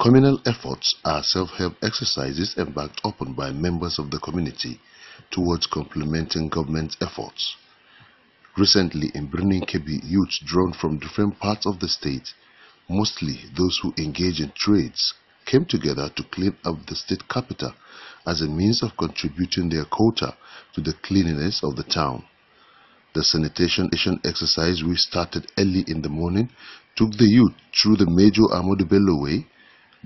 Communal efforts are self-help exercises embarked upon by members of the community towards complementing government efforts. Recently in Birnin Kebi, youths drawn from different parts of the state, mostly those who engage in trades, came together to clean up the state capital as a means of contributing their quota to the cleanliness of the town. The sanitation exercise we started early in the morning took the youth through the Major Amadou Bello Way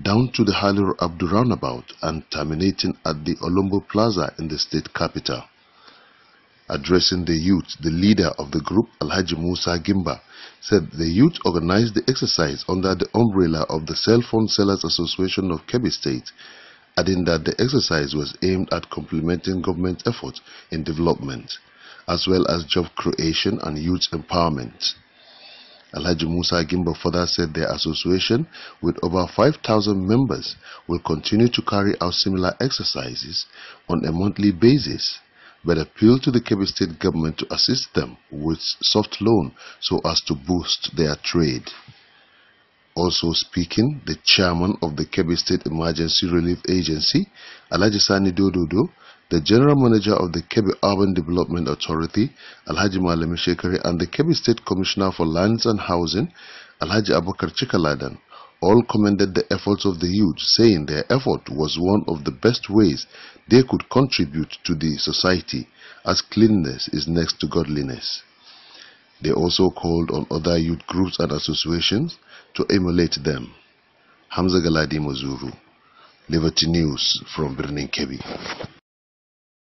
down to the Halur Abdul roundabout and terminating at the Olombo Plaza in the state capital. Addressing the youth, the leader of the group, Alhaji Musa Gimba, said the youth organized the exercise under the umbrella of the Cell Phone Sellers Association of Kebbi State, adding that the exercise was aimed at complementing government efforts in development, as well as job creation and youth empowerment. Alhaji Musa Gimba further said their association, with over 5,000 members, will continue to carry out similar exercises on a monthly basis but appeal to the Kebbi State government to assist them with soft loan so as to boost their trade. Also speaking, the chairman of the Kebbi State Emergency Relief Agency, Sani Dododo, the General Manager of the Kebbi Urban Development Authority, Alhaji Malami Shekari, and the Kebbi State Commissioner for Lands and Housing, Alhaji Abakar Chikaladan, all commended the efforts of the youth, saying their effort was one of the best ways they could contribute to the society, as cleanliness is next to godliness. They also called on other youth groups and associations to emulate them. Hamza Galadi Mazuru, Liberty News from Birnin Kebi.